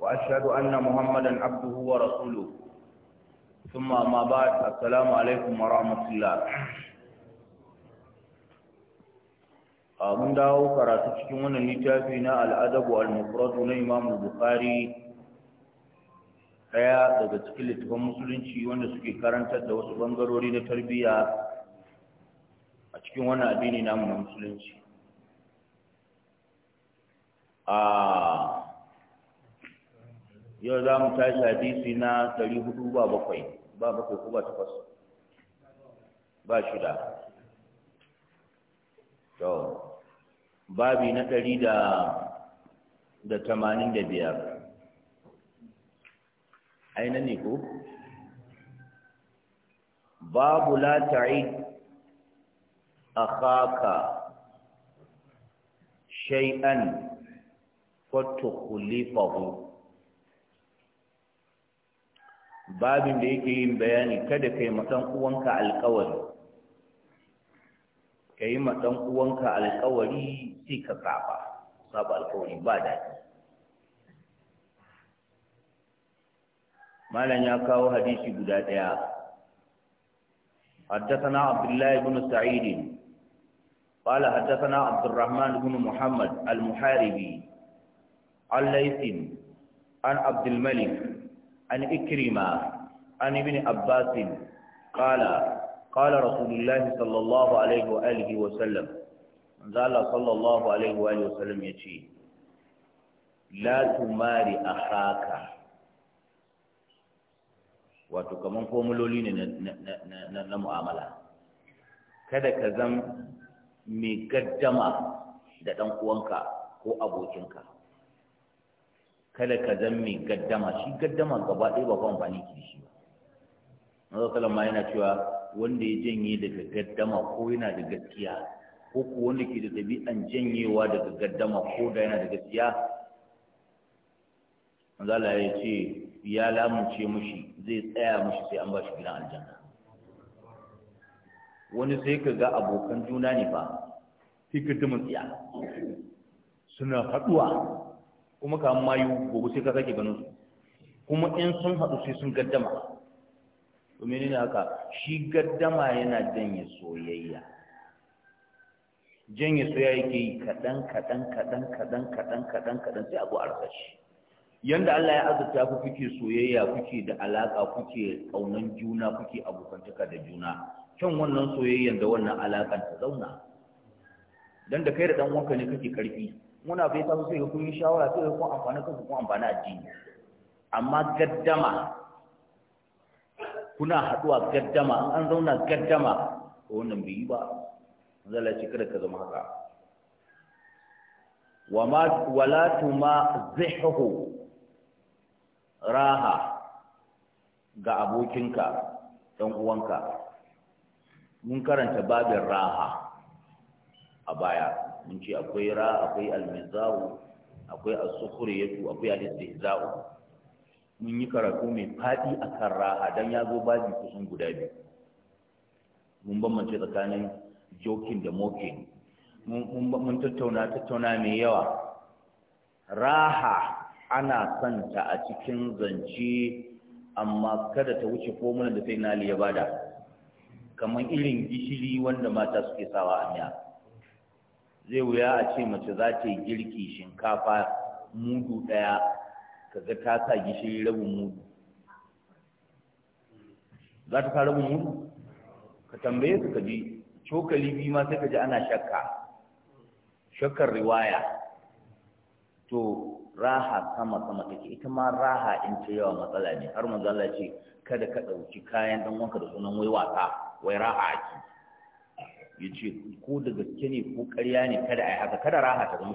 وأشهد أن محمدا عبده ورسوله ثم ما بعد السلام عليكم ورحمة الله mun dawo karatu cikin wannan littafi na al'adabu al na Imam Bukhari daga cikin littafin musulunci wanda suke karantar da wasu bangarori na tarbiyya a cikin wannan addini namu na musulunci a yau za mu tashi hadisi na ɗari hudu ba bakwai ba bakwai ko ba takwas ba shida to babi na ɗari da da tamanin da biyar aina ne ko babu la ta'id akhaka shay'an fatukhlifahu babin da yake yin bayani kada kai matan uwanka alkawari kai matan uwanka alkawari sai ka saba saba alkawari ba malam ya kawo hadisi guda ɗaya حدثنا عبد الله بن سعيد قال حدثنا عبد الرحمن بن محمد المحاربي عن ليث عن عبد الملك عن إكرمة عن ابن عباس قال قال رسول الله صلى الله عليه وآله وسلم قال صلى الله عليه وآله وسلم يتي لا تماري أخاك wato kaman formuloli ne na mu'amala kada ka zam mai gaddama da ɗan uwanka ko abokinka kada ka zan mai gaddama shi gaddama gaba ɗaya ba kwan amfani ki shi ba Allah ma yana cewa wanda ya janye daga gaddama ko yana da gaskiya ko ko wanda ke da tabi'an janyewa daga gaddama ko da yana da gaskiya Allah ya ce ya lamunce mushi zai tsaya mushi sai an ba shi gidan aljanna wani sai ka ga abokan juna ne fa sai ka tsiya suna haɗuwa kuma kamar mayu gobe sai ka sake ganin su kuma in sun haɗu sai sun gaddama domin ne haka shi gaddama yana janye soyayya janye soyayya yake yi kaɗan kaɗan kaɗan kaɗan kaɗan kaɗan kaɗan sai abu arsa shi yanda Allah ya azurta ku kuke soyayya kuke da alaka kuke kaunan juna kuke abokantaka da juna kyan wannan soyayyan da wannan alakan ta zauna dan da kai da dan wanka ne kake karfi muna fi ta sai ga yi shawara sai ga kun amfani kanku kun amfani addini amma gaddama kuna haduwa gaddama an zauna gaddama ko wannan bai yi ba zala ce kada ka zama haka wa ma wala tuma zihhu raha ga abokinka dan uwanka mun karanta babin raha a baya mun ce akwai ra akwai almizawu akwai asukuri sukhriyatu akwai alistihza'u mun yi karatu mai fadi akan raha dan ya zo babi kusan guda biyu mun bambance tsakanin jokin da moke mun tattauna tattauna mai yawa raha ana santa a cikin zance amma kada ta wuce formula da sai nali ya bada kamar irin gishiri wanda mata suke sawa a miya zai wuya a ce mace za ta yi girki shinkafa mudu ɗaya kaga ta sa gishiri rabin mudu za ta sa rabin mudu ka tambaye su ka ji cokali biyu ma sai ka ji ana shakka shakkar riwaya to raha sama sama take ita ma raha in ta yawa matsala ne har manzo Allah ce kada ka ɗauki kayan ɗan wanka da sunan wai wasa wai raha ake ya ce ko da gaske ne ko ƙarya ne kada a yi haka kada raha ta zama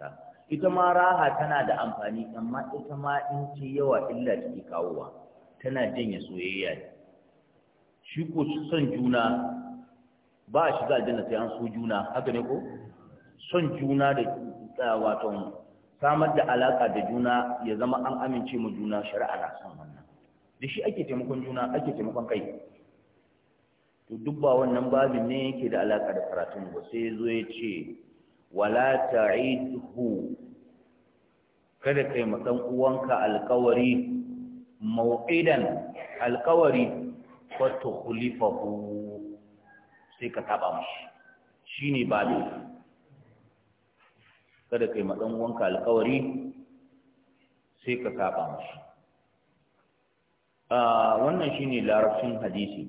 ta. ita ma raha tana da amfani amma ita ma in ce yawa illa take kawowa tana janye soyayya ne shi ko son juna ba a shiga aljanna sai an so juna haka ne ko son juna da wato samar da alaka da juna ya zama an amince mu juna shari'a na son wannan da shi ake taimakon juna ake taimakon kai to duk ba wannan babin ne yake da alaka da karatun ba sai zo ya ce wala ta'idhu kada kai ma dan uwanka alƙawari mau'idan alƙawari fa tukhlifahu sai ka taba mashi shine babin kada kai ma dan uwanka alƙawari sai ka saba mashi ah, wannan shine larabcin hadisi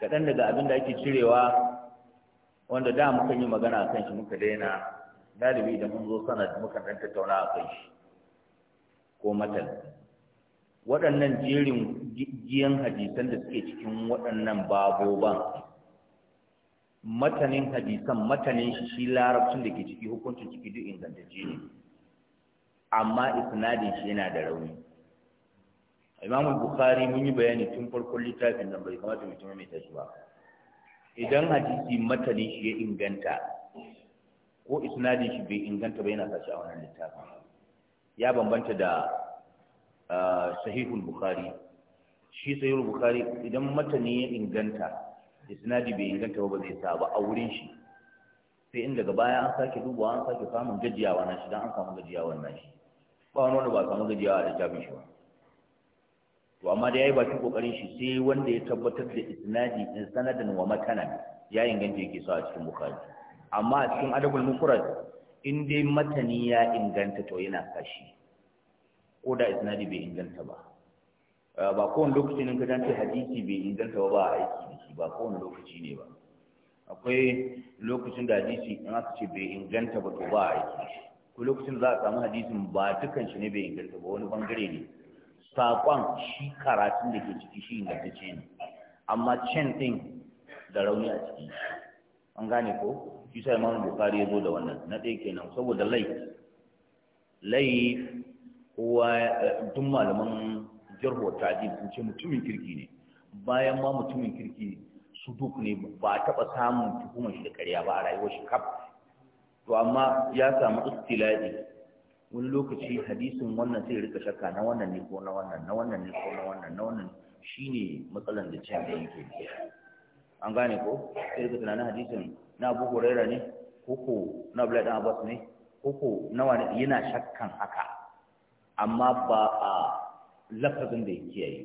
kaɗan daga abin da ake cirewa wanda da muka yi magana a kan shi muka daina galibi idan mun zo sanad muka ɗan tattauna a kan shi ko matal waɗannan jerin giyan hadisan da suke cikin waɗannan baboban matanin hadisan matanin shi shi larabcin da ke ciki hukuncin ciki duk ingantacce ne amma isnadin shi yana da rauni imam bukhari mun yi bayani tun farkon littafin nan bai kamata mutum mai tashi ba idan hadisi matanin shi ya inganta ko isnadin shi bai inganta ba yana sashi a wannan littafin ya bambanta da sahihul bukhari shi sahihul bukhari idan matani ya inganta isnadi bai inganta ba zai sa ba a wurin shi sai in daga baya an sake dubawa an sake samun gajiyawa na shi dan an samu gajiyawa na shi ba wani wanda ba samu gajiyawa da littafin shi ba to amma da yayi bakin kokarin shi sai wanda ya tabbatar da isnadi in sanadan wa matanan ya inganta yake so a cikin bukhari amma a cikin adabul mufrad in dai matani ya inganta to yana kashi ko da isnadi bai inganta ba eh, ba kowane lokaci ne gadan ta hadisi bai inganta ba ba a aiki da shi ba kowane lokaci ne ba akwai lokacin da hadisi in aka ce bai inganta ba to ba a aiki ko lokacin za a samu hadisin ba dukan shi ne bai inganta ba wani bangare ne saƙon shi karatun da ke ciki shi ta ne amma cin ɗin da rauni a ciki an gane ko shi sai imam bukari ya zo da wannan na ɗaya kenan saboda lai lai kowa eh, duk malaman jirgo tajin sun ce mutumin kirki ne bayan ma mutumin kirki su duk ne ba a taɓa samun tuhumar shi da ƙarya ba a rayuwar shi kaf to amma ya samu istila'i wani lokaci hadisin wannan sai rika shakka na wannan ne ko na wannan na wannan ne ko na wannan na wannan shine matsalan da cin da yake an gane ko sai rika tunanin hadisin na Abu Huraira ne koko na Abdullahi dan Abbas ne koko na wani yana shakkan haka amma ba a lafazin da yake yi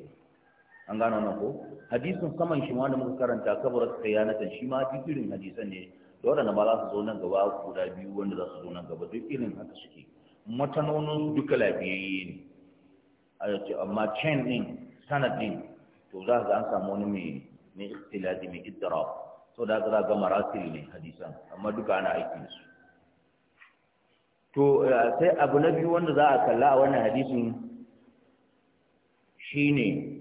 an gane wannan ko hadisin saman shi wanda da muka karanta kabarar kayanatan shi ma duk irin hadisan ne da waɗanda ba za su zo nan gaba guda biyu wanda za su zo nan gaba duk irin haka suke matanonin duka lafiyayye ne amma chain din sanadin to za ka an samu wani mai mai ikhtilati mai iddara so da za ga marasil ne hadisan amma duka ana aiki su to eh, sai abu na biyu wanda za a kalla a wannan hadisin shine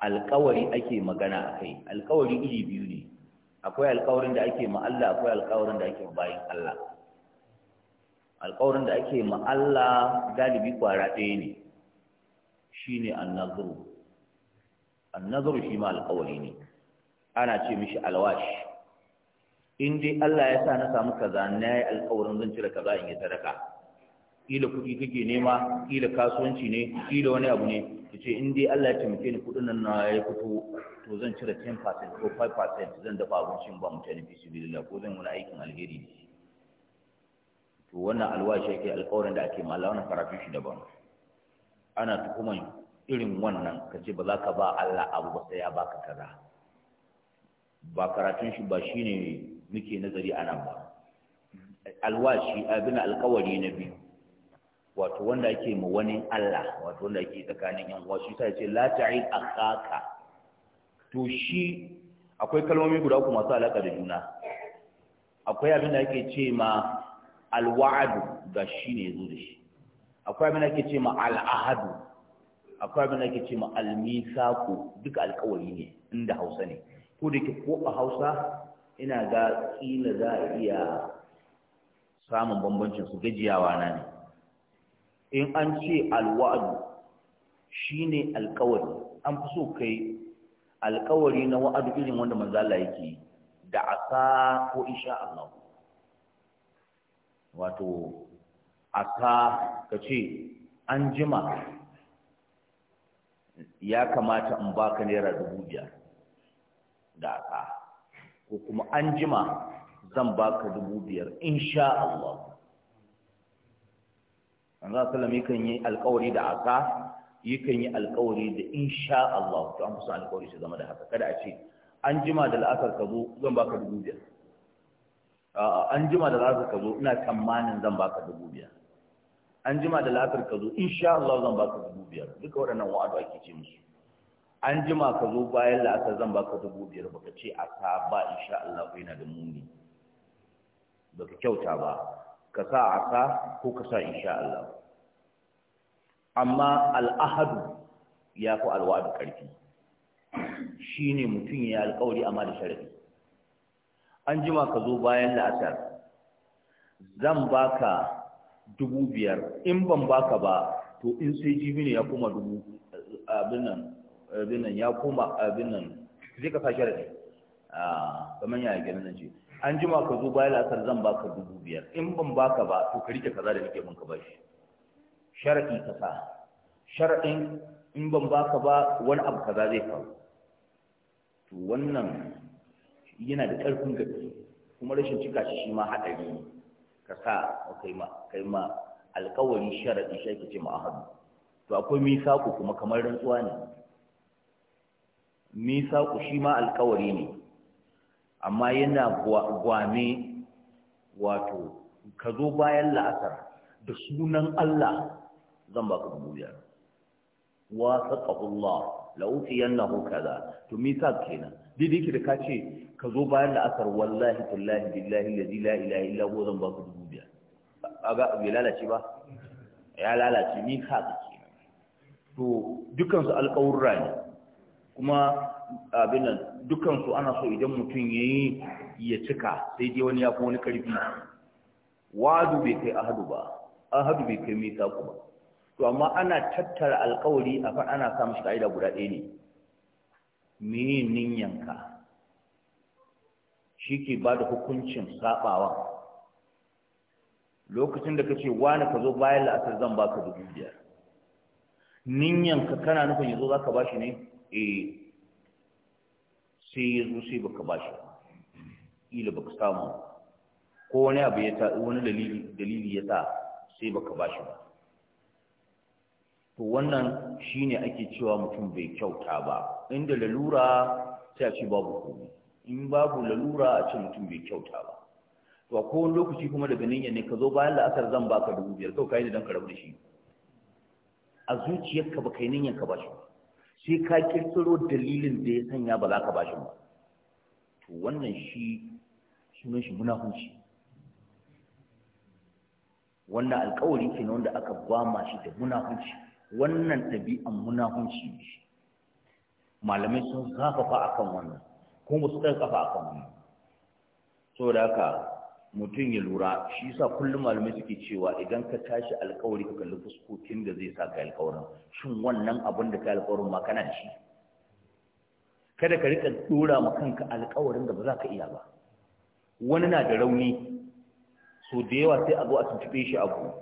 alkawari ake magana a kai alkawari iri biyu ne akwai alkawarin da ake ma Allah akwai alkawarin da ake ma bayin Allah alƙawarin da ake ma Allah galibi kwara ɗaya ne shine annazuru annazuru shi ma alƙawari ne ana ce mishi alwashi in dai Allah ya sa na samu kaza na yi alƙawarin zan cire kaza in yi sadaka kila kuɗi kake nema kila kasuwanci ne kila wani abu ne ta ce in dai Allah ya taimake ni kuɗin nan na ya fito to zan cire 10% ko 5% zan dafa abincin ba mutane bisu bilila ko zan wani aikin alheri ne to wannan alwashi yake alƙawarin da ake mallawa na farafin shi daban ana tukuman irin wannan ka ce ba za ka ba Allah abu ba sai ya baka kaza ba karatun shi ba shine muke nazari a nan ba alwashi abin alƙawari na biyu wato wanda ake ma wani Allah wato wanda ake tsakanin yan uwa shi sai ce la ta'id akaka to shi akwai kalmomi guda uku masu alaka da juna akwai abin da ake ce ma alwa'adu ga shi ne zo shi akwai abin da ke ce ma al'ahadu akwai abin da ke ce ma almisaku duka alkawari ne inda hausa ne ko da ke ko a hausa ina ga tsina za a iya samun bambancin su gajiyawa na ne in an ce alwa'adu shi ne alkawari an fi so kai alkawari na wa'adu irin wanda manzala yake da asa ko insha Allah wato asa ka ce an jima ya kamata in baka naira dubu biyar da asa ko kuma an jima zan baka dubu biyar sha Allah an za yakan yi alkawari da asa yakan yi alkawari da sha Allah to an fi alkawari shi zama da haka kada a ce an jima da la'asar ka zo zan baka dubu biyar a'a an jima da la'asar ka zo ina tsammanin zan baka dubu biyar an jima da la'asar ka zo insha Allah zan baka dubu biyar duka waɗannan wa'adu ake ce musu an jima ka zo bayan la'asar zan baka dubu biyar baka ce a ta ba insha Allah ko yana da muni baka kyauta ba ka sa a ta ko ka sa insha Allah amma al'ahadu ya fi alwa'adu ƙarfi shine mutum ya alƙawari amma da sharafi an jima ka zo bayan la'asar zan baka dubu biyar in ban baka ba to in sai jibi ne ya koma dubu abin nan abin nan ya koma abin nan zai ka sa sharadi a ah, kamar yaya gani nan ce an jima ka zo bayan la'asar zan baka dubu biyar in ban baka ba to ka rike kaza da nake ka bashi sharadi ka sa sharadin in ban baka ba wani abu kaza zai faru to wannan yana da ƙarfin gaske kuma rashin cika shi ma haɗari ne ka sa kai ma kai ma alƙawari sharaɗi shi ake ce ma ahadu to akwai misaku kuma kamar rantsuwa ne misaku shi ma alƙawari ne amma yana gwame wato ka zo bayan la'asar da sunan Allah zan baka dubu biyar wa saqahu Allah la'utiyannahu kaza to me misa kenan didi ki da kace ka zo bayan da asar wallahi tallahi billahi la ilaha illa huwa zan ba ku dubu biyar aga bai lalace ba ya lalace ni? misa kenan to dukan su alƙawurra ne kuma abin nan dukan su ana so idan mutum yayi ya cika sai dai wani ya fi wani karfi wadu bai kai ahadu ba ahadu bai kai misa ku ba to amma ana tattara alƙawari a ana samun shi ka'ida guda ɗaya ne mene ninyanka shi ke ba da hukuncin saɓawa lokacin da ka ce wani ka zo bayan la'asar zan ba ka dubu biyar ninyanka kana nufin yanzu za ka ba shi ne eh sai ya zo sai baka ba shi ila baka samu ko wani abu ya ta wani dalili dalili ya sa sai baka ba shi ba to wannan shine ake cewa mutum bai kyauta ba inda lalura sai a ce babu komai in babu lalura a ce mutum bai kyauta ba to a kowane lokaci kuma daga nan ne ka zo bayan la'asar zan baka dubu biyar kawai kai ne don ka rabu da shi a zuciyarka ba kai nan ka bashi shi sai ka kirkiro dalilin da ya sanya ba za ka shi ba to wannan shi sunan shi munafunci wannan alƙawari kenan wanda aka gwama shi da munafunci wannan ɗabi'an munafunci ne malamai sun zafafa kan wannan kuma su a kan wannan da haka mutum ya lura shi sa kullum malamai suke cewa idan ka tashi alkawari ka kalli fuskokin da zai sa ka alkawarin shin wannan abin da ka alkawarin ma kana da shi kada ka riƙa dora ma kanka alkawarin da ba za ka iya ba wani na da rauni so da yawa sai a zo a tuntuɓe shi abu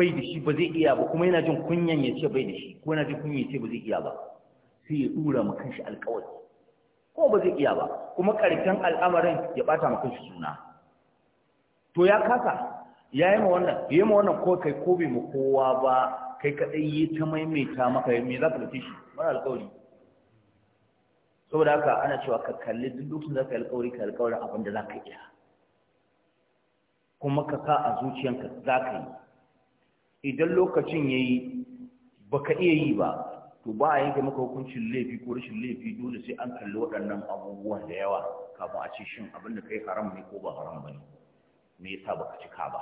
bai da shi ba zai iya ba kuma yana jin kunyan ya ce bai da shi ko yana jin kunyan ya ce ba zai iya ba sai ya dura ma kanshi alƙawari ko ba zai iya ba kuma ƙarshen al'amarin ya bata ma kanshi suna to ya kasa ya yi ma wannan ya ma wannan ko kai ko bai ma kowa ba kai kaɗai yi ta maimaita maka me za ka dace shi mara alƙawari saboda haka ana cewa ka kalli duk lokacin da ka yi alƙawari ka alƙawarin abin da za ka iya kuma ka sa a zuciyanka za ka yi idan lokacin ya yi, ba ka iya yi ba to ba a yanke maka hukuncin laifi ko rashin laifi dole sai an kalli waɗannan abubuwan da yawa kafin a ce shin abin da kai haram ne ko ba haram ba ne me yasa ka cika ba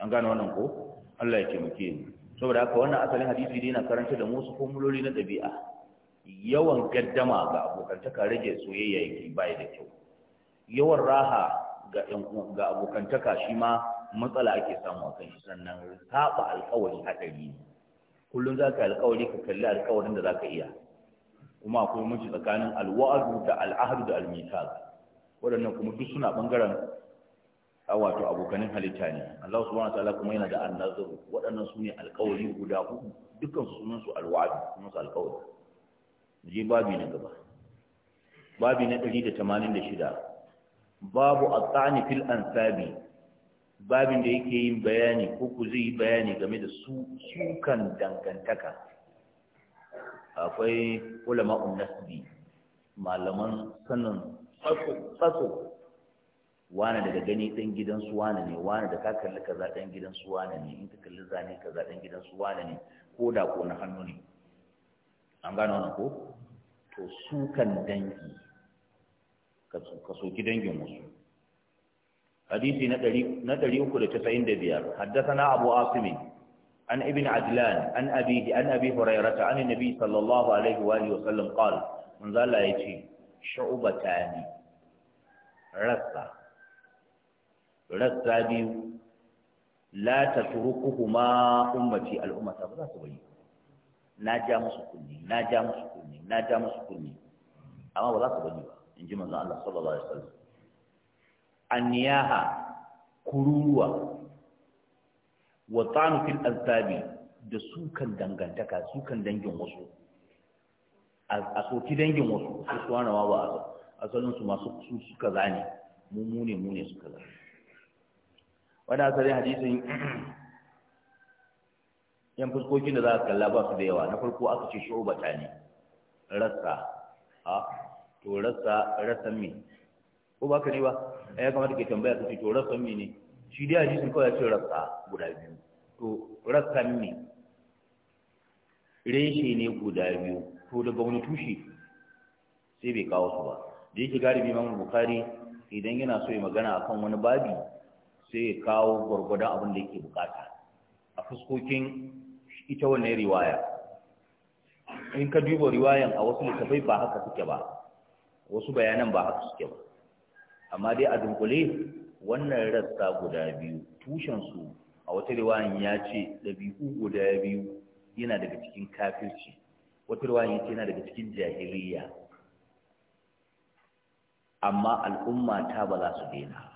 an gane wannan ko Allah ya taimake ni saboda haka wannan asalin hadisi ne na karanta da musu formuloli na ɗabi'a yawan gaddama ga abokantaka rage soyayya yake bai da kyau yawan raha ga abokantaka shi ma matsala ake samu a kan shi sannan saba alkawari haɗari ne kullum za ka yi alkawari ka kalli alkawarin da za ka iya kuma akwai mace tsakanin alwa'adu da al'ahadu da almital waɗannan kuma duk suna ɓangaren wato abokanin halitta ne Allah subhanahu wataala kuma yana da annazar waɗannan su ne alkawari guda hudu dukkan su sunan su alwa'adu sunan su alkawari je babi na gaba babi na shida. babu a tsani fil ansabi babin da yake yin bayani ko ku zai yi bayani game da su sukan dangantaka akwai ulama Unnasbi. malaman sanin tsatso wani daga gani ɗan gidan su wani ne wani da ka kalli kaza ɗan gidan su wani ne in ka kalli zane kaza ɗan gidan su wani ne ko da ko na hannu ne an gano wannan ko to sukan dangi ka soki dangin wasu hadisi na 395 haddathana abu asim an ibn ajlan an abihi an abi hurairata an nabi sallallahu alaihi wa alihi wa sallam qala manzo Allah yace shu'batani rassa rassa biyu la ma ummati al'ummata ba za su bari na ja musu kunni na ja musu kunni na ja musu kunni amma ba za su bari ba Allah sallallahu alaihi wa sallam anyaha kururuwa wa tsanu fil azabi da sukan dangantaka sukan dangin wasu a soki dangin wasu su suwana wa ba asalin su masu su suka zane mu mu ne mu ne suka zane wannan asalin hadisin yan fuskokin da za a kalla ba su da yawa na farko aka ce shubata ne rassa a to rassa rassan me ko ba ka ne ba Eh, ya kamata ke tambaya su ce to rassan mi ne shi dai a jisun kawai ya ce rassa guda biyu to rassan ne reshe ne guda biyu to daga wani tushe sai bai kawo su ba da yake galibi imam bukari idan yana so ya magana a kan wani babi sai ya kawo gwargwadon abin da yake bukata a fuskokin ita wannan riwaya in ka duba riwayan a wasu littafai ba haka suke ba wasu bayanan ba haka suke ba amma dai a dunkule wannan rassa guda biyu tushensu a wata riwayan ya ce ɗabi'u guda biyu yana daga cikin kafirci wata riwayan ya ce yana daga cikin jahiliya amma al'umma ta ba za su daina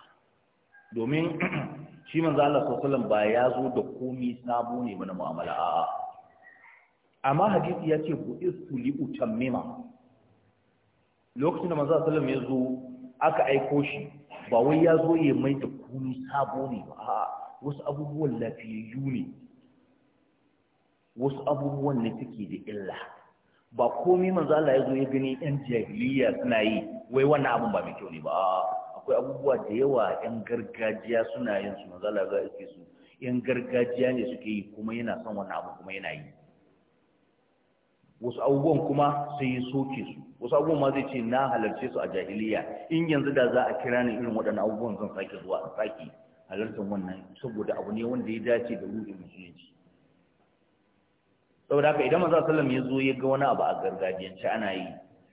domin shi manzo Allah sallallahu ba ya zo da komi sabo ne mana mu'amala a'a amma hadisi ya ce bu'istu li utammima lokacin da manzo sallallahu ya zo aka aiko shi ba wai ya zo ya mai da kuni sabo ne ba a wasu abubuwan lafiyayyu ne wasu abubuwan da suke da illa ba komai manzo Allah ya zo ya gani yan jahiliya suna yi wai wannan abun ba mai kyau ne ba akwai abubuwa da yawa yan gargajiya suna yin su manzo Allah ya ce su yan gargajiya ne suke yi kuma yana son wannan abu kuma yana yi wasu abubuwan kuma sai ya soke su wasu abubuwan ma zai ce na halarce su a jahiliya in yanzu da za a kira ni irin waɗannan abubuwan zan sake zuwa a sake halartar wannan saboda abu ne wanda ya dace da ruhin musulunci saboda haka idan maza sallam ya zo ya ga wani abu a gargajiyance ana yi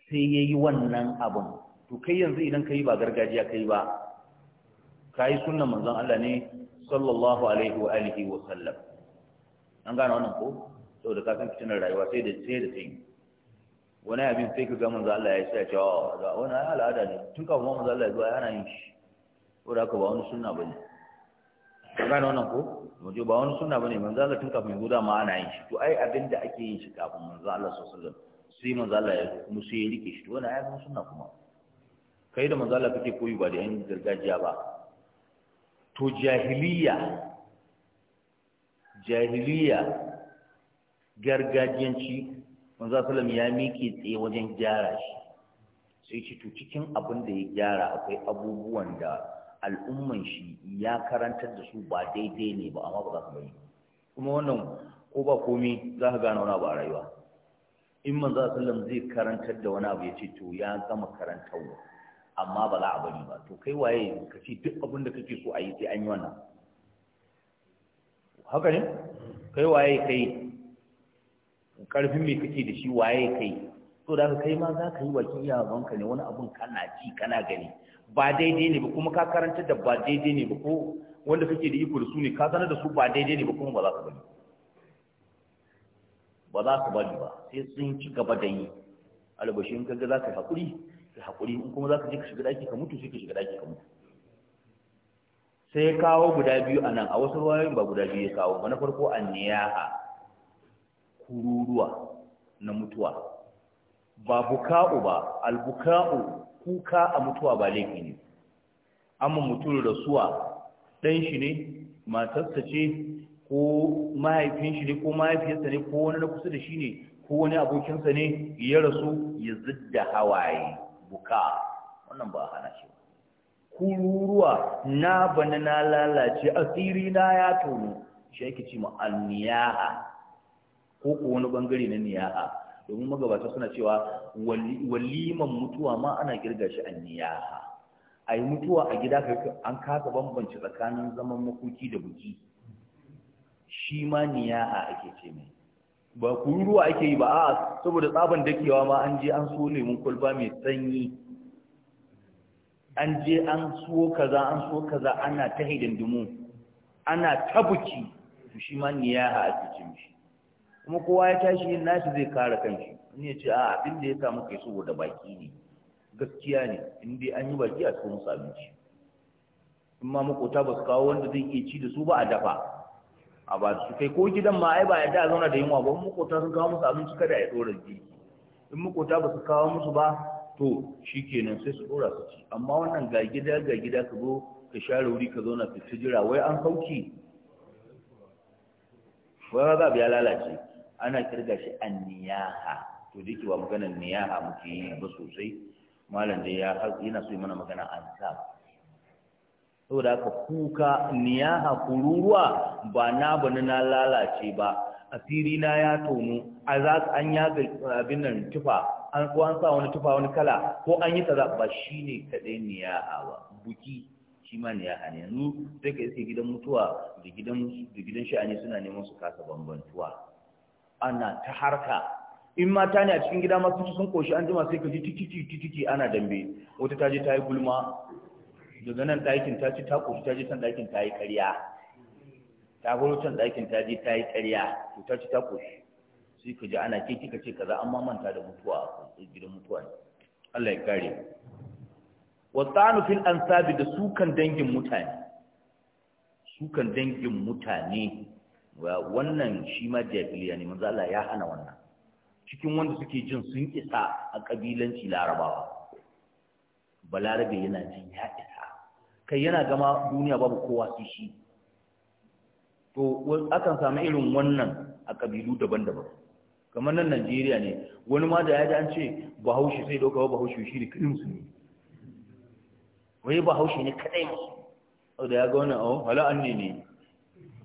sai ya yi wannan abin to kai yanzu idan ka yi ba gargajiya ka yi ba ka yi sunan manzon Allah ne sallallahu alaihi wa alihi wa sallam an gane wannan ko saboda ka san fitinar rayuwa sai da sai da sai wani abin sai ka ga manzo Allah ya sa cewa ga wani al'ada ne tun kafin manzo Allah ya zuwa, yana yin shi ko da haka ba wani sunna bane ka gane wannan ko waje ba wani sunna bane manzo Allah tun kafin zuwa ma ana yin shi to ai abin da ake yin shi kafin manzo Allah sallallahu alaihi wasallam sai manzo Allah ya kuma sai ya rike shi to wannan ai sunna kuma kai da manzo Allah kake koyi ba da yan gargajiya ba to jahiliya jahiliya gargajiyanci manzo sallam ya miƙe tsaye wajen gyara shi sai ci to cikin abin da ya gyara akwai abubuwan da al'umman shi ya karantar da su ba daidai ne ba amma ba za su bari kuma wannan ko ba komi za ka gane wani abu a rayuwa in manzo sallam zai karantar da wani abu ya ce to ya gama karantarwa amma ba za a bari ba to kai waye ka ce duk abin da kake so a yi sai an yi wannan haka ne kai waye kai karfin mai kake da shi waye kai to da kai ma za ka yi wakin iyawanka ne wani abun kana ji kana gani ba daidai ne ba kuma ka karanta da ba daidai ne ba ko wanda kake da iko da su ne ka sanar da su ba daidai ne ba kuma ba za ka bari ba za ka bari ba sai sun ci gaba da yi albashin kaga za ka yi haƙuri ka haƙuri in kuma za ka je ka shiga daki ka mutu sai ka shiga daki ka mutu sai kawo guda biyu a nan a wasu ruwayoyin ba guda biyu ya kawo ba na farko an niyaha kururuwa na mutuwa ba buka'u ba albuka'u kuka a mutuwa ba laifi ne amma mutum rasuwa ɗan shi ne matarsa ce ko mahaifin shi ne ko mahaifiyarsa ne ko wani na kusa da shi ne ko wani abokinsa ne ya rasu ya zidda hawaye buka wannan ba hana shi kururuwa na bana na lalace asiri na ya tono shi yake ce ma anniyaha ko ko wani bangare na niyaha domin magabata suna cewa waliman mutuwa ma ana kirga shi a niyaha a yi mutuwa a gida an kasa bambanci tsakanin zaman makoki da buki shi ma niyaha ake ce mai ba ruwa ake yi ba a saboda tsaban dakewa ma an je an so neman kwalba mai sanyi an je an so kaza an so kaza ana ta hidindimu ana ta buki shi ma niyaha ake ce mai kuma kowa ya tashi yin nashi zai kare kanshi wani ya ce a abin da ya samu kai saboda baki ne gaskiya ne in dai an yi baki a cikin musu abinci in ma makota ba su kawo wanda zai iya ci da su ba a dafa a ba su kai ko gidan ma ai ba yadda a zauna da yunwa ba makota sun kawo musu abinci kada ya dora ji in makota ba su kawo musu ba to kenan sai su dora su ci amma wannan ga gida ga gida ka zo ka share wuri ka zauna ka ci jira wai an sauki wai ba ya lalace ana kirga shi an niyaha to dake wa maganar niyaha muke yi ba sosai malam dai ya yana so yi mana magana an sa saboda haka kuka niyaha kururuwa ba na bani na lalace ba asiri na ya tonu a za an yaga abin nan tufa an ko an sa wani tufa wani kala ko an yi kaza ba shine kadai niyaha ba buki shi ma niyaha ne yanzu sai ka iske gidan mutuwa da gidan da gidan sha'ani suna neman su kasa bambantuwa ana ta harka in mata ne a cikin gida masu sun koshi an jima sai ka ji tititi ana dambe wata ta je ta yi gulma daga nan ɗakin ta ci ta koshi ta je can ɗakin ta yi ƙarya ta gwaro can ɗakin ta je ta yi ƙarya to ta ci ta koshi sai ka ji ana kiki kika ce kaza an mamanta da mutuwa a gidan mutuwa ne Allah ya kare tsanu fil ansabi da sukan dangin mutane sukan dangin mutane wannan shi ma jahiliya ne manzo Allah ya hana wannan cikin wanda suke jin sun isa a kabilanci larabawa balarabe yana jin ya isa kai yana gama duniya babu kowa sai shi to akan samu irin wannan a kabilu daban-daban kamar nan Najeriya ne wani ma da ya ji an ce bahaushe sai dauka bahaushe shi ne kadai musulmi wai bahaushe ne kadai musulmi saboda ya ga wannan oh hala an ne ne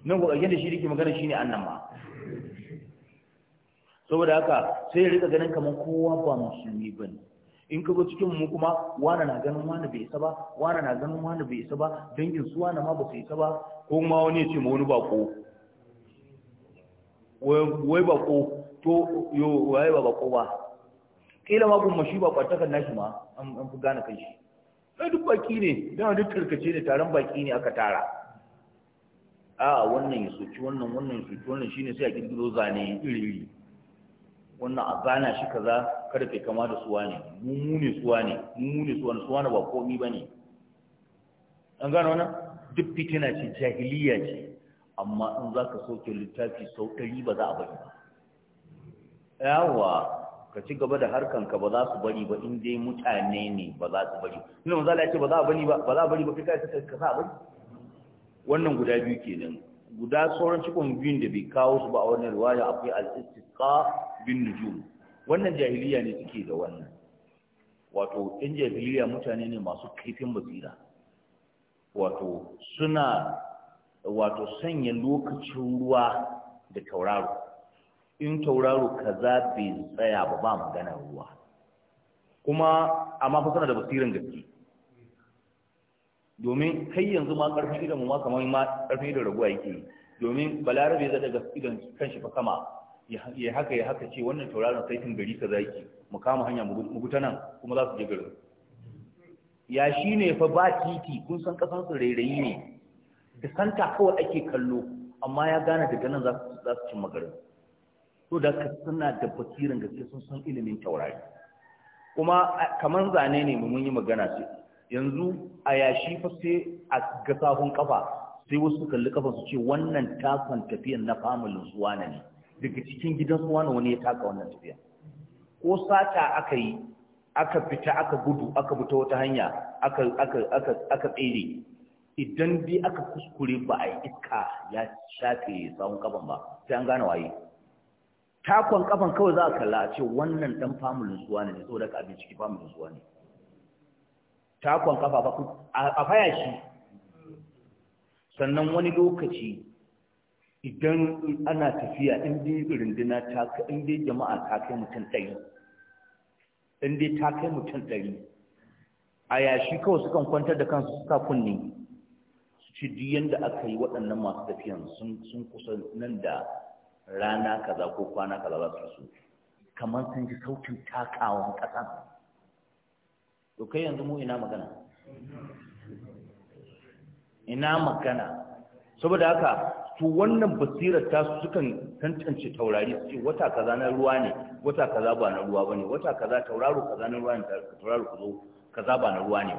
nan ko ƙarshen da shi rike magana shine annan ma saboda haka sai ya rika ganin kamar kowa ba musulmi ne in ka ga cikin mu kuma wani na ganin wani bai isa ba wani na ganin wani bai isa ba dangin su wani ma ba su isa ba ko kuma wani ya ce ma wani bako wai bako to yo waye ba bako ba kila ma gumma shi ba kwatakan nashi ma an fi gane kai shi sai duk baki ne dama duk karkace ne taron baki ne aka tara a wannan ya soki wannan wannan ya soki wannan shine sai a kirkiro zane iri iri wannan a zana shi kaza kada kai kama da suwa ne mu ne suwa ne mu ne suwa ne suwa ne ba komi ba ne an gano wannan duk fitina ce jahiliya ce amma in za ka soke littafi sau ɗari ba za a bari ba yawa ka ci gaba da harkanka ba za su bari ba in dai mutane ne ba za su bari ina manzala ya ce ba za a bari ba ba za a bari ba kai ka sa a bari wannan guda biyu kenan guda sauran cikon biyun da bai kawo su ba a wannan riwaya akwai al-istiqa bin nujum wannan jahiliya ne suke da wannan wato in jahiliya mutane ne masu kaifin basira wato suna wato sanya lokacin ruwa da tauraro in tauraro kaza bai tsaya ba ba magana ruwa kuma amma fa suna da basiran gaske domin kai yanzu ma karfin idan mu ma kamar ma karfin da raguwa yake domin balarabe zai daga idan kanshi fa kama ya haka ya haka ce wannan tauraron saitin gari ka zaki mu kama hanya mu guta nan kuma za su je garin ya shi ne fa ba titi kun san kasan su rairayi ne da santa kawai ake kallo amma ya gane daga nan za su cin magarin to da ka suna da basirin gaske sun san ilimin taurari kuma kamar zane ne mun yi magana ce yanzu a yashi fa sai a ga sahun kafa sai wasu kalli kafa su ce wannan takon tafiyan na familin suwa ne daga cikin gidan suwana wani ya taka wannan tafiya ko sata aka yi aka fita aka gudu aka fita wata hanya aka aka aka aka tsere idan dai aka kuskure ba a yi iska ya shafe sahun kafan ba sai an gane waye takon kafan kawai za a kalla a ce wannan dan familin suwa ne saboda ka abin ciki familin suwa ne takon kafa ba a faya shi sannan wani lokaci idan ana tafiya in dai rundina ta in dai jama'a ta kai mutum ɗari in dai ta kai mutum ɗari a yashi kawai sukan kwantar da kansu suka kunne su ci duk yadda aka yi waɗannan masu tafiyan sun kusa nan da rana kaza ko kwana kaza za su kamar sun ji sautin takawan ƙasa to kai yanzu mu ina magana ina magana saboda haka to wannan basirar ta su sukan tantance taurari su ce wata kaza na ruwa ne wata kaza ba na ruwa bane wata kaza tauraro kaza na ruwa ne tauraro kazo kaza ba na ruwa ne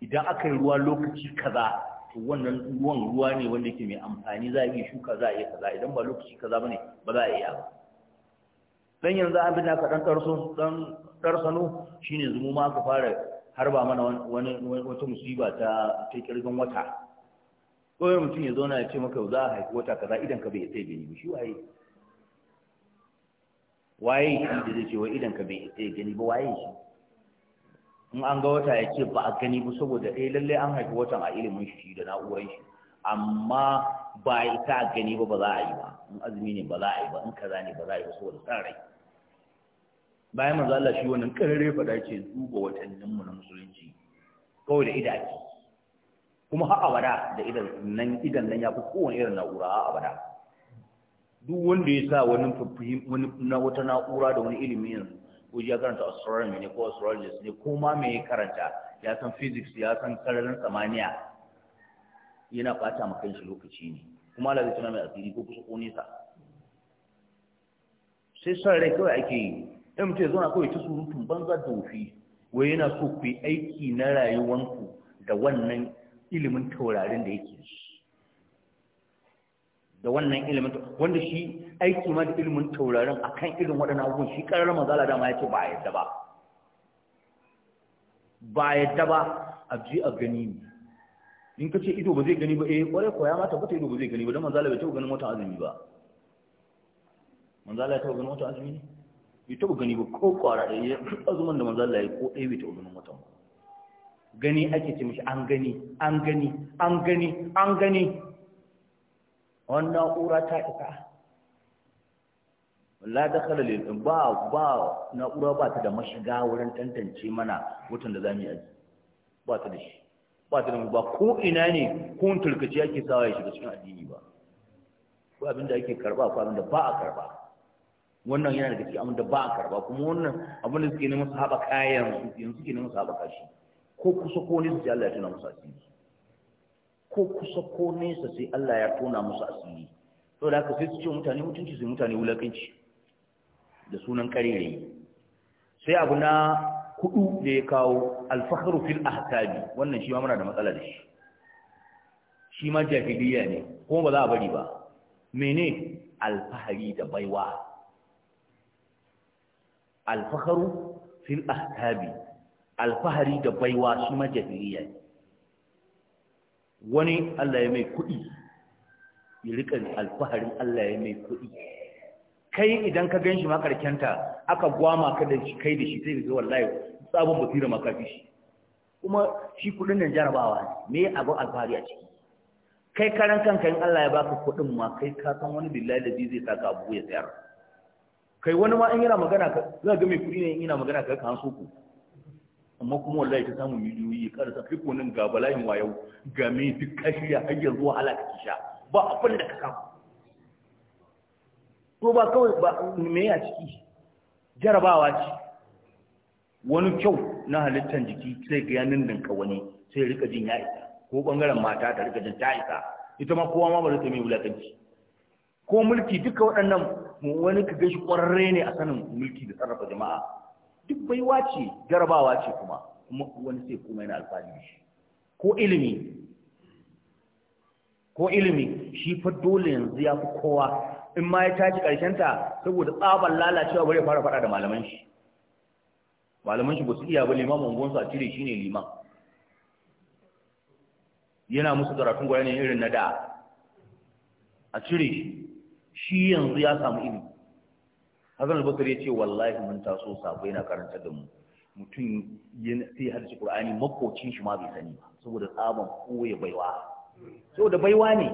idan aka yi ruwa lokaci kaza to wannan ruwan ruwa ne wanda yake mai amfani za a iya shuka za a iya kaza idan ba lokaci kaza bane ba za a iya ba dan yanzu abin da ka dan karso dan tarsano shine zumu ma ku fara harba mana wani wata musiba ta ta kirgin wata kawai mutum ya zauna ya ce maka za a haifi wata kaza idan ka bai sai gani shi waye waye shi da zai ce idan ka bai sai gani ba waye shi in an ga wata ya ce ba a gani ba saboda eh lalle an haifi watan a ilimin shi da na'urar shi amma ba ita a gani ba ba za a yi ba in azumi ne ba za a yi ba in kaza ne ba za a yi ba saboda tsarai bayan manzo Allah shi wannan karare fada ce duba watannin mu na musulunci kawai da idaki kuma ha abada da idan nan idan nan yafi kowane irin na'ura a abada duk wanda ya sa wani wani na wata na'ura da wani ilimi yanzu ko ya karanta astronomy ne ko astrologist ne ko ma me ya karanta ya san physics ya san sararin samaniya yana bata ma shi lokaci ne kuma Allah zai tuna mai asiri ko kusa ko nesa sai son rai kawai ake yi ɗan mutum ya zauna kawai ta surutun banza da wufi wai yana so ku yi aiki na rayuwanku da wannan ilimin taurarin da yake shi da wannan ilimin wanda shi aiki ma da ilimin taurarin akan irin waɗannan abubuwan shi ƙarar mazala dama ya ce ba a yadda ba ba a yadda ba a ji a gani ne in ka ce ido ba zai gani ba eh kwarai ko ya mata bata ido ba zai gani ba don manzala bai taɓa ganin wata azumi ba manzala ya taɓa ganin wata azumi ne bai taɓa gani ba ko ƙwara da ya azuman da manzala ya ko ɗaya bai taɓa ganin watan ba gani ake ce mashi an gani an gani an gani an gani wannan na'ura ta isa la dakhala lil ba ba na'ura ba ta da mashiga wurin tantance mana wutan da mu yi aji ba ta da shi ba ta da ba ko ina ne ko turkaci ake sawa ya shiga cikin addini ba ko abin da ake karba ko abin da ba a karba wannan yana daga cikin abin da ba a karba kuma wannan abin da suke neman saba haɓa kayan yanzu suke neman saba kashi ko kusa ko nesa sai Allah ya tona musu asiri ko kusa ko nesa sai Allah ya tona musu asiri to da haka sai su ce mutane mutunci sai mutane wulakanci da sunan karere sai abu na hudu da ya kawo alfaharu fil ahsabi wannan shi ma muna da matsala da shi shi ma jahiliya ne kuma ba za a bari ba mene alfahari da baiwa alfaharu fil ahsabi alfahari da baiwa shi ma wani Allah ya mai kuɗi ya rika alfaharin Allah ya mai kuɗi kai idan ka ganshi ma ta aka gwama ka da shi kai da shi sai zuwa wallahi tsabon basira ma kafi shi kuma shi kuɗin nan jarabawa ne me abu alfahari a ciki kai karan kanka in Allah ya baka kuɗin ma kai ka san wani billahi da zai saka abu ya tsayar kai wani ma in yana magana za ga mai kuɗi ne in yana magana ka ka so ku amma kuma wallahi ta samu miliyoyi ya karasa kai nan ga bala'in wayo ga mai duk kashiya har yanzu wahala ka kisha. ba abin da ka samu to ba kawai ba me ya ciki jarabawa ce wani kyau na halittar jiki sai ga yanin ka wani sai rika jin ya isa ko bangaren mata ta rika jin ta isa ita ma kowa ma ba ta mai wulakanci ko mulki duka waɗannan wani ka gashi ƙwararre ne a sanin mulki da sarrafa jama'a duk baiwa ce jarabawa ce kuma kuma wani sai kuma yana alfahari shi ko ilimi ko ilimi shi fa dole yanzu ya fi kowa in ma ya tashi ta saboda tsaban lalacewa bari ya fara faɗa da malaman shi malaman shi ba su iya ba liman su a cire shi ne liman yana musu karatun gwaya ne irin na da a cire shi shi yanzu ya samu ilimi Hassan al ya ce wallahi mun taso sabo yana karantar da mu mutum sai shi Qur'ani makocin shi ma bai sani ba saboda tsaban koya baiwa saboda baiwa ne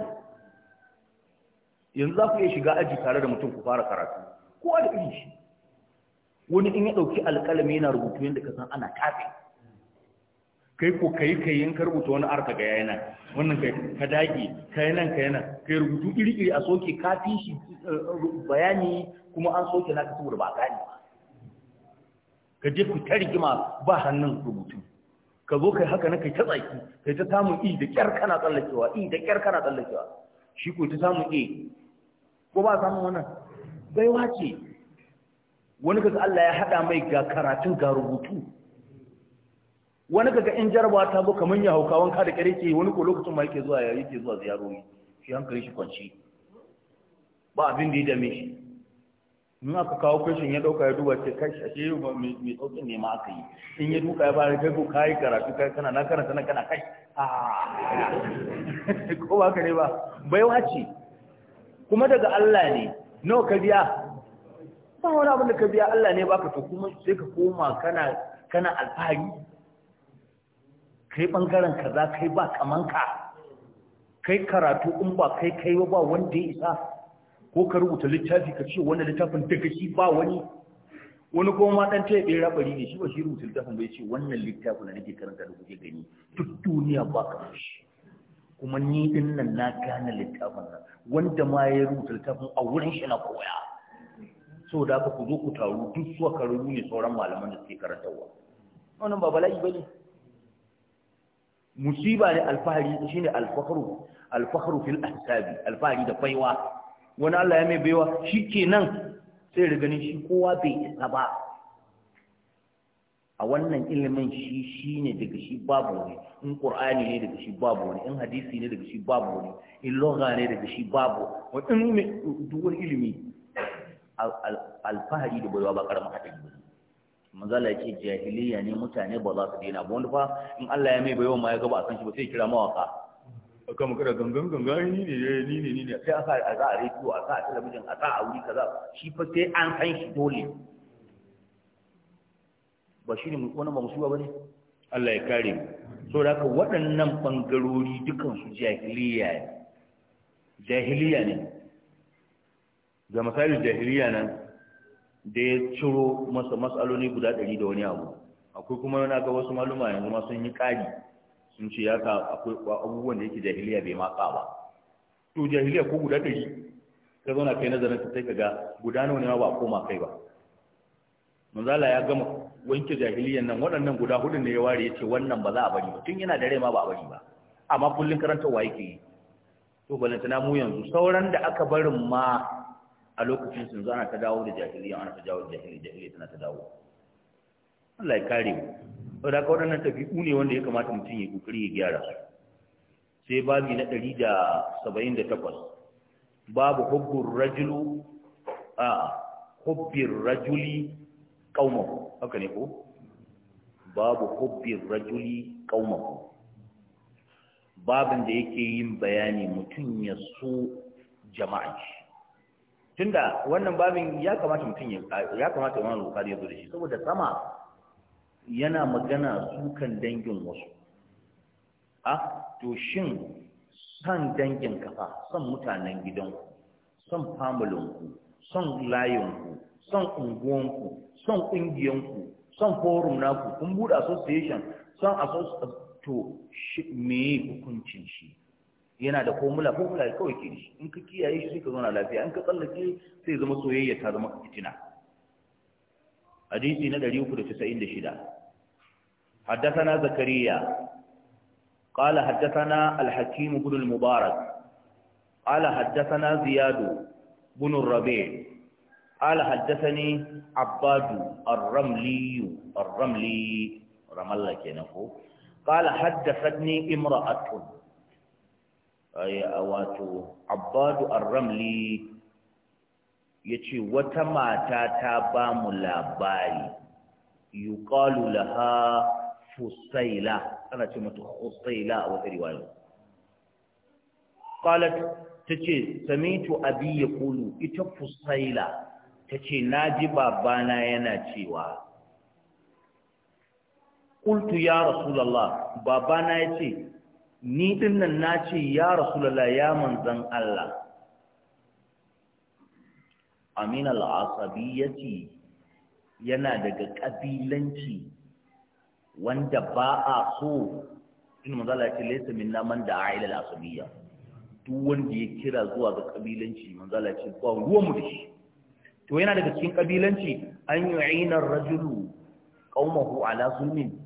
yanzu za ku iya shiga aji tare da mutum ku fara karatu kowa da iri wani in ya ɗauki alƙalami yana rubutu yadda ka san ana kafin? kai ko kai kai in ka rubuta wani arka ga yana wannan kai ka dage ka nan ka nan kai rubutu iri iri a soke ka fi shi eh, bayani kuma an soke naka saboda ba gani ba ka je ku ta rigima ba hannun rubutu ka zo kai haka na kai ta tsaki kai ta samun i da kyar kana tsallakewa i da kyar kana tsallakewa shi ko ta samun e ko ba samun wannan baiwa ce wani kaga Allah ya hada mai ga karatun ga rubutu wani kaga in jarabawa ta zo kaman ya hauka wanka da kare ke wani ko lokacin ma yake zuwa ya yake zuwa ziyaroyi. shi hankali shi kwanci ba abin da ya dame shi in aka kawo kwashin ya dauka ya duba ce kai ashe mai saukin ne ma aka yi in ya duka ya bada kai ko kayi karatu kai kana na karanta na kana kai ah, ko ba ka ne ba bai wace. kuma daga Allah ne nawa ka biya ba wani abin da ka biya Allah ne baka to kuma sai ka koma kana kana alfahari kai bangaren za kai ba kamanka kai karatu in ba kai kai ba wanda ya isa ko ka rubuta littafi ka ce wani littafin daga shi ba wani wani kuma ma dan taya bera bari ne shi ba shi rubuta littafin bai ce wannan littafin da nake karanta da kuke gani duk duniya ba ka shi kuma ni din nan na gane littafin nan wanda ma ya rubuta littafin a wurin shi na koya so da ka ku zo ku taru duk suwa karuru ne sauran malaman da suke karantarwa wannan ba bala'i bane musiba ne alfahari shine alfahru alfahru fil ahsabi alfahari da baiwa wani Allah ya mai baiwa shi shikenan sai da ganin shi kowa bai isa ba a wannan ilimin shi ne daga shi babu wani in qur'ani ne daga shi babu wani in hadisi ne daga shi babu wani in lugha ne daga shi babu wani duk wani ilimi alfahari da baiwa ba karamin haɗari ba manzala ce jahiliya ne mutane ba za su daina ba wani fa in Allah ya mai bayo ma ya ga ba a san shi ba sai kira mawaka aka makara gangan gangan ni ne eh, ni ne ni ne sai aka a za a rediyo a sa a talabijin a sa a wuri kaza shi fa sai an san shi dole ba shi ne mu wani ba musuwa bane Allah ya kare mu so da haka waɗannan bangarori dukan su jahiliya ne jahiliya ne ga misalin jahiliya nan da ya ciro masa matsaloli guda ɗari da wani abu akwai kuma yana ga wasu maluma yanzu ma sun yi ƙari sun ce ya ka akwai abubuwan da yake jahiliya bai matsa ba to jahiliya ko guda ɗari ka zauna kai nazarin ta sai ka ga guda nawa ne ma ba koma kai ba manzala ya gama wanke jahiliyan nan waɗannan guda hudu ne ya ware ya ce wannan ba za a bari ba tun yana da rai ma ba a bari ba amma kullum karantarwa yake yi to balantana mu yanzu sauran da aka barin ma a lokacin sun zana ta dawo da jahiliya ana ta dawo da jahiliya jahiliya tana ta dawo Allah ya kare mu saboda ka waɗannan tafi ne wanda ya kamata mutum ya kokari ya gyara sai babi na ɗari da saba'in da takwas babu hubbun rajulu a hubbin rajuli ƙaumahu haka ne ko babu hubbin rajuli ƙaumahu babin da yake yin bayani mutum ya so jama'a tunda wannan babin ya kamata mutum ya kamata Imam Bukhari ya zo da shi saboda sama yana magana sukan dangin wasu a to shin san dangin kafa san mutanen gidanku son ku, son layinku son unguwanku son ƙungiyanku son forum naku kun buɗe association son to me hukuncin shi yana da formula formula ya kawai ke shi in ka kiyaye shi sai ka zauna lafiya in ka tsallake sai zama soyayya ta zama fitina hadisi na 396 haddathana haddathana zakariya qala al حدثنا زكريا قال حدثنا الحكيم بن المبارك قال rabi qala haddathani abbad ar-ramli ar-ramli الرملي رمل ko قال حدثتني امرأة wato abadu arramli ya ce wata mata ta ba mu labari yuqalu laha fusaila ana ce mata fusaila a wata riwaya qalat tace samitu abi yaqulu ita fusaila tace ji babana yana cewa qultu ya rasulullah babana yace ni din nan na ce ya rasulullah ya manzan Allah amin al'asabiyyati yana daga kabilanci wanda ba a so in manzala ce laysa minna man da'a ila al'asabiyya duk wanda ya kira zuwa ga kabilanci manzala ce ba ruwan mu da shi to yana daga cikin kabilanci an yu'ina ar-rajulu qaumahu ala zulmin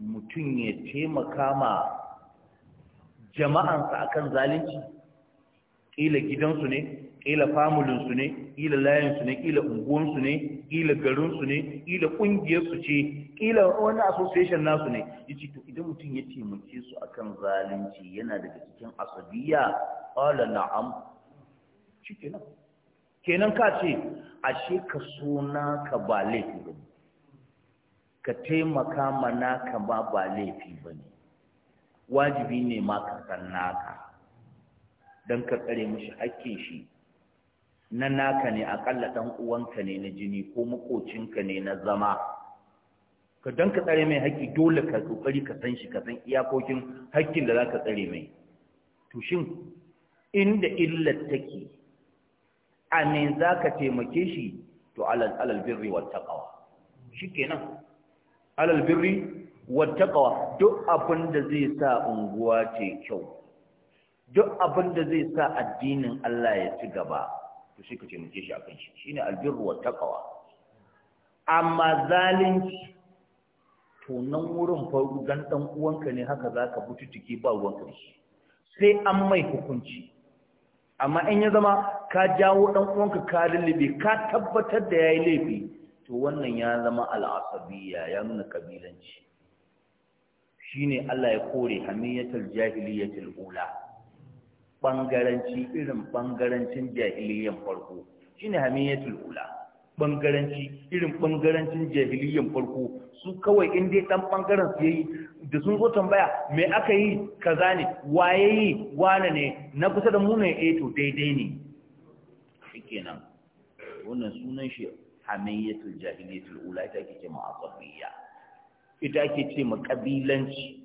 mutun ya taimaka ma jama'ansa akan zalunci ƙila gidansu ne ƙila famulinsu ne ƙila layinsu ne ƙila unguwansu ne ƙila garinsu ne ƙila ƙungiyarsu ce ƙila wani association nasu ne ya ce to idan mutum ya taimake su akan zalunci yana daga cikin asabiya ƙwala na'am shi kenan kenan ka ce ashe ka so naka ba laifi ba ne ka taimaka ma naka ba ba laifi ba ne wajibi ne ma ka naka don ka tsare mishi hakkin shi na naka ne akalla ɗan uwanka ne na jini ko makocinka ne na zama ka don ka tsare mai hakki dole ka ƙoƙari ka san shi ka san iyakokin hakkin da za ka tsare mai to shin inda illar take a me za ka taimake shi to alal birri wa taqwa shikenan alal birri kawa duk abin da zai sa unguwa ce kyau duk abin da zai sa addinin Allah ya ci gaba to shi ka ce muke shi akan shi shine albirru taqwa amma zalunci to nan wurin fa dan dan uwanka ne haka zaka bututiki ba ruwan shi sai an mai hukunci amma in ya zama ka jawo dan uwanka ka lullube ka tabbatar da yayi laifi to wannan ya zama al'asabiyya ya nuna kabilanci shine Allah ya kore hamiyatul jahiliyatul ula bangaranci irin bangarancin jahiliyan farko shine hamiyatul ula bangaranci irin bangarancin jahiliyan farko su kawai in dai dan bangaren su yayi da sun zo tambaya me aka yi kaza ne waye yi wane ne na kusa da mu ne eh to daidai ne shikenan wannan sunan shi hamiyatul jahiliyatul ula ita ke cewa asabiyya ita ake ce ma ƙabilanci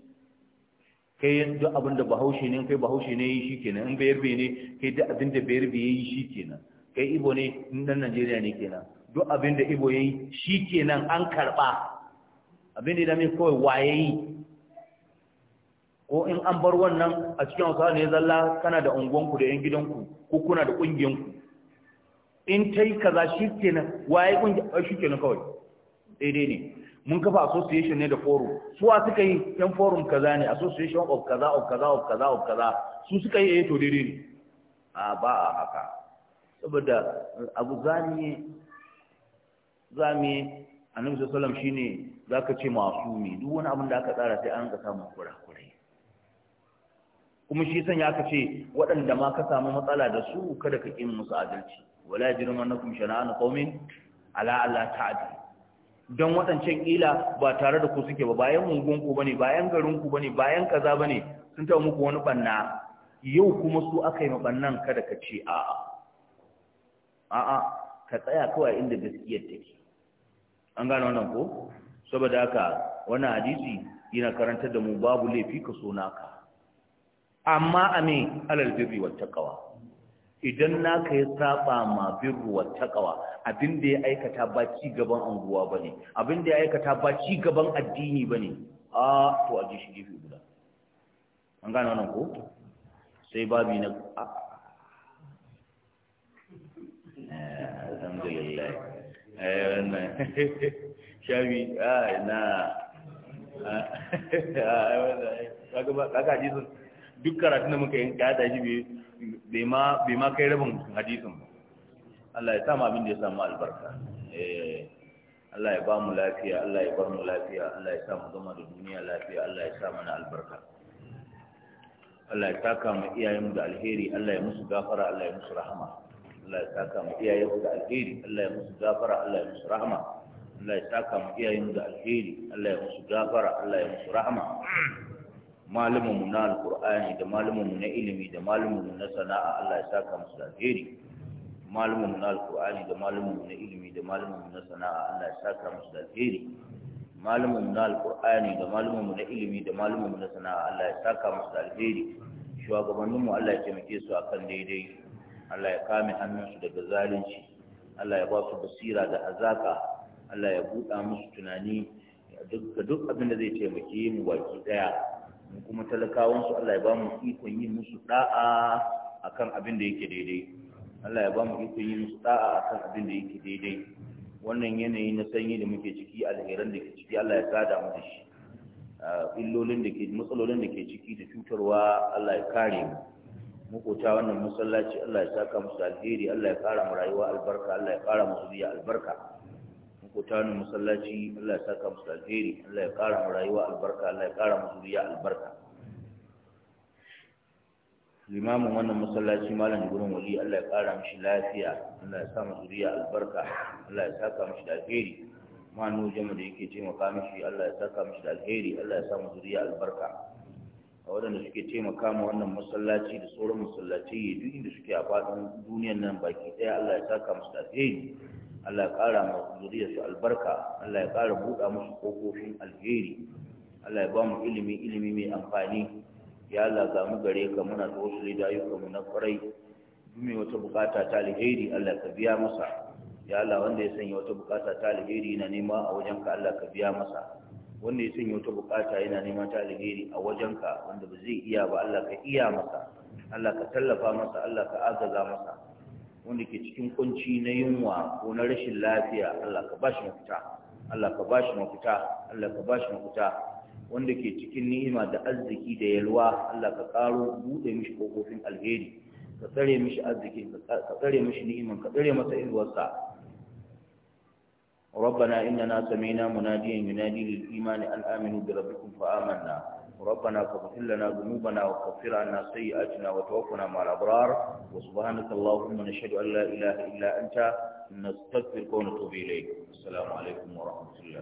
kai duk abin da bahaushe ne kai bahaushe ne yi shi kenan in bai ne kai duk abin da bayar bai yi shi kenan kai ibo ne in ɗan najeriya ne kenan duk abin da ibo ya yi shi kenan an karɓa abin da mai kawai waye yi ko in an bar wannan a cikin hausawa ne zalla kana da unguwanku da 'yan gidanku ko kuna da ƙungiyanku in ta yi kaza shi kenan waye ƙungiya shi kenan kawai daidai ne mun kafa association ne da forum su a suka yi yan forum kaza ne association of kaza of kaza of kaza of kaza su suka yi eto eh, dire ne a ba a haka saboda uh, abu zami zami annabi sallallahu alaihi wasallam shine zaka ce masumi duk wani abin da aka tsara sai an ga samu kurai kuma shi sanya aka ce waɗanda ma ka samu matsala da su kada ka kin musu adalci wala jirman nakum shana'an qaumin ala alla ta'dil don waɗancan ƙila ba tare da ku suke ba bayan mungunku ba ne bayan garinku ba ne bayan kaza ba ne sun taɓa muku wani ɓanna yau kuma su aka yi maɓannan kada ka ce a'a a'a ka tsaya kawai inda gaskiyar take an gane wannan ko saboda haka wannan hadisi yana karantar da mu babu laifi ka so naka amma a me alal birri wa taqwa idan ka yi saba ma birru wa taqwa abin da ya aikata ba ci gaban anguwa ne abin da ya aikata ba ci gaban addini ba ne, a to ji shi gefe guda an gane wannan ko sai babi na alhamdulillah eh wannan shabi a na a wannan kaga ba kaga sun duk karatu da muka yi kada shi bai bai ma kai rabin hadisin ba Allah ya sa ma abin da ya samu albarka Allah ya ba mu lafiya Allah ya bar mu lafiya Allah ya sa mu zama da duniya lafiya Allah ya sa mana albarka Allah ya taka mu iyayenmu da alheri Allah ya musu gafara Allah ya musu rahama Allah ya taka mu iyayenmu da alheri Allah ya musu gafara Allah ya musu rahama Allah ya taka mu iyayenmu da alheri Allah ya musu gafara Allah ya musu rahama malumin mu na alqur'ani da malumin mu na ilimi da malumin mu na sana'a Allah ya saka musu alheri malumin mu na alqur'ani da malumin mu na ilimi da malumin mu na sana'a Allah ya saka musu alheri malumin mu na alqur'ani da malumin mu na ilimi da malumin mu na sana'a Allah ya saka musu alheri shugabannin mu Allah ya taimake su akan daidai Allah ya kame hannunsu daga zalunci Allah ya ba su basira da azaka Allah ya buɗa musu tunani da duk abin da zai taimake mu baki daya mu kuma talakawan su Allah ya ba mu ikon yin musu da'a akan abin da yake daidai Allah ya ba mu ikon yin musu da'a akan abin da yake daidai wannan yanayi na sanyi da muke ciki alheran da ke ciki Allah ya sada mu da shi illolin da ke matsalolin da ke ciki da cutarwa Allah ya kare mu makota wannan masallaci Allah ya saka musu alheri Allah ya kara mu rayuwa albarka Allah ya kara mu zuriya albarka mutanen masallaci Allah ya saka musu alheri Allah ya ƙara mu rayuwa albarka Allah ya ƙara mu zuriya albarka limamin wannan masallaci malam gurin wali Allah ya ƙara mishi lafiya Allah ya sa mu zuriya albarka Allah ya saka mishi alheri manu jama'a da yake taimaka mishi Allah ya saka mishi da alheri Allah ya sa mu zuriya albarka a waɗanda suke taimaka ma wannan masallaci da sauran masallaci duk inda suke a faɗin duniyar nan baki ɗaya Allah ya saka musu alheri Allah ya ƙara ma zuriyarsu albarka Allah ya ƙara buɗa musu ƙofofin alheri Allah ya ba mu ilimi ilimi mai amfani ya Allah ga mu gare ka muna da wasu da ayyukanmu na kwarai mai wata bukata ta alheri Allah ka biya masa ya Allah wanda ya sanya wata bukata ta alheri yana nema a wajenka Allah ka biya masa wanda ya sanya wata bukata yana nema ta alheri a wajenka wanda ba zai iya ba Allah ka iya masa Allah ka tallafa masa Allah ka agaza masa wanda ke cikin kunci na yunwa ko na rashin lafiya Allah ka bashi mafita Allah ka bashi mafita Allah ka bashi mafita wanda ke cikin ni'ima da arziki da yalwa Allah ka karo bude mishi kofofin alheri ka tsare mishi arziki ka tsare mishi ni'iman ka tsare masa izuwarsa ربنا إننا سمينا مناديا ينادي للإيمان أن آمنوا بربكم فآمنا ربنا فاغفر لنا ذنوبنا وكفر عنا سيئاتنا وتوفنا مع الأبرار وسبحانك اللهم نشهد أن لا إله إلا أنت نستغفرك ونتوب إليك السلام عليكم ورحمة الله